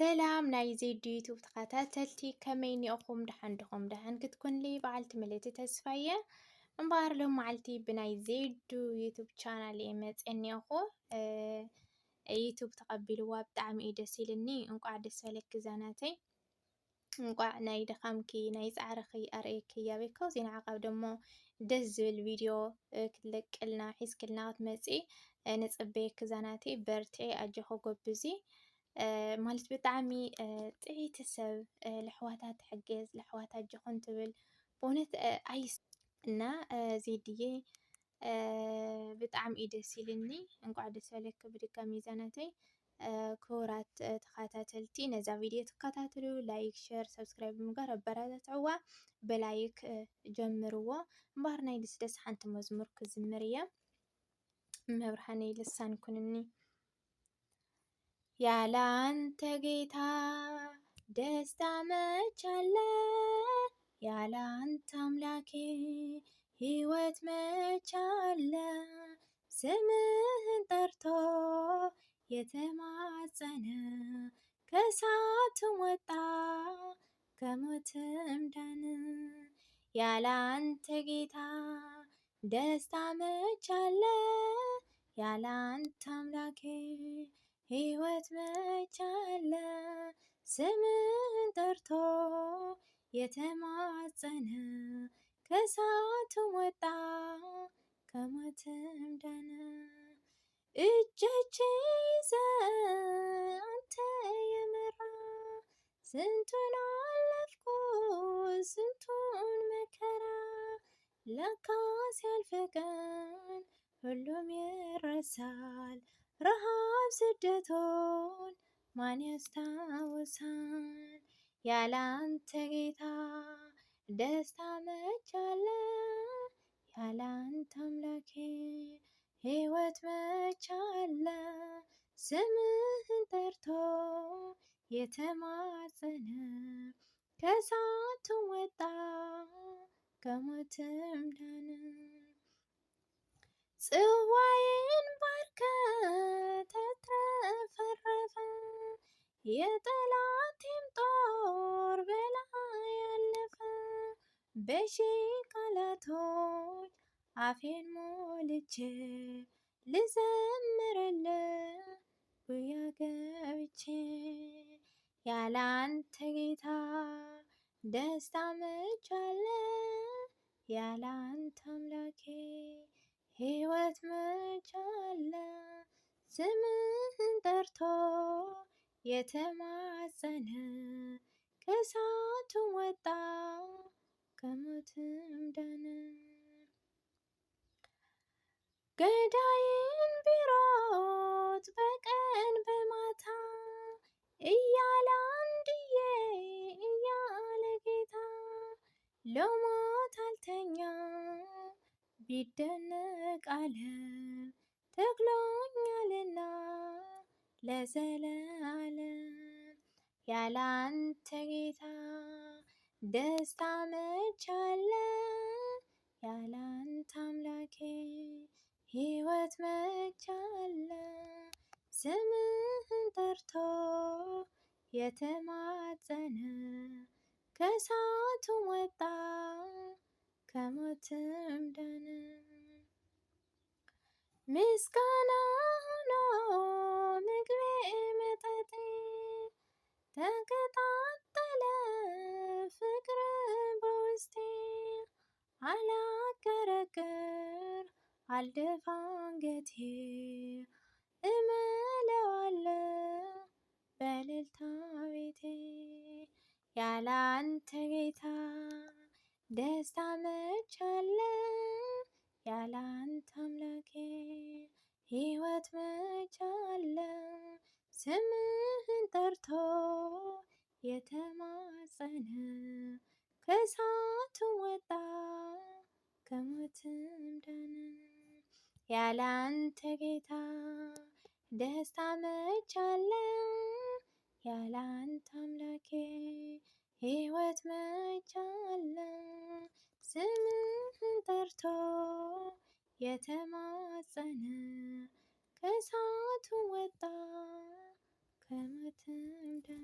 سلام ناي زيد يوتيوب تقاتلتي كمين اقوم دحن دخوم دحن كتكون لي بعلت مليت تسفية مبار لهم معلتي بناي زيد يوتيوب شانل ايمت اني اخو اه يوتيوب تقبل واب دعم ايدا سيلني انقع دسالك كزاناتي انقع ناي دخمكي ناي زعرخي اريكي يا بيكو زين عقب دمو دزو الفيديو كتلك النا حيس كلنا غتمسي كزاناتي برتي اجيخو قبزي ማለት ብጣዕሚ ጥዒቲ ሰብ ለኣሕዋታ ትሕገዝ ለኣሕዋታ ጀኹን ትብል ብእውነት ኣይስ እና ዜድዬ ብጣዕሚ እዩ ደስ ኢልኒ እንቋዕ ደስ በለክ ብድጋሚ ዛናተይ ክቡራት ተኸታተልቲ ነዛ ቪድዮ ትከታተሉ ላይክ ሸር ሰብስክራይብ ብምግባር ኣበረታትዕዋ ብላይክ ጀምርዎ እምበር ናይ ደስ ሓንቲ መዝሙር ክዝምር እየ መብርሃነይ ልሳን ኩንኒ ያለ አንተ ጌታ ደስታ መቻለ ያለ አንተ አምላኬ ሕይወት መቻለ ስምህን ጠርቶ የተማጸነ ከሳትም ወጣ ከሞትም ዳነ ያለ አንተ ጌታ ደስታ መቻለ ያለ አንተ አምላኬ ህይወት መቻለ ስምን ጠርቶ የተማጸነ ከሳቱም ወጣ ከሞትም ዳነ። እጆች ይዘ አንተ የመራ ስንቱን አለፍኩ ስንቱን መከራ ለካ ሲያልፍ ሁሉም ይረሳል። ረሃብ ስደቶን ማን ያስታውሳል? ያላንተ ጌታ ደስታ መቻለ ያላንተ አምላኬ ህይወት መቻለ ስምህን ጠርቶ የተማጸነ ከሳቱ ወጣ ከሞትም ዳነ። ጽዋዬን ባርከ ተትረፈረፈ የጠላቴም ጦር በላይ ያለፈ በሺ ቃላቶች አፌን ሞልቼ ልዘምርል ጉያ ገብቼ ያላንተ ጌታ ደስታ መቻለ ያላንተ ህይወት መቻለ ስምህን ጠርቶ የተማጸነ ከእሳቱም ወጣ ከሞትም ዳነ። ገዳይን ቢሮት በቀን በማታ እያለ አንድዬ እያለ ጌታ ለሞት አልተኛ ይደነቅ ዓለም ተክሎኛልና ለዘለዓለም ያለ ጌታ ደስታ መቻለ ያለ አምላኬ ሕይወት መቻለ ስምህን ጠርቶ የተማጸነ ምስጋና ሆኖ ምግቤ መጠጤ ተቀጣጠለ ፍቅር በውስጤ አላከረከር አልደፋ አንገቴ እመለዋለ በእልልታ ቤቴ ያላንተ ጌታ ደስታ መቻለ ያላንተ አምላኬ መጥራት መቻለ ስምህን ጠርቶ የተማጸነ ከሳቱ ወጣ ከሞትም ዳነ። ያለ አንተ ጌታ ደስታ መቻለ ያለ አንተ አምላኬ ህይወት መቻለ ስምህን ጠርቶ የተማጸነ Cause hard to weather.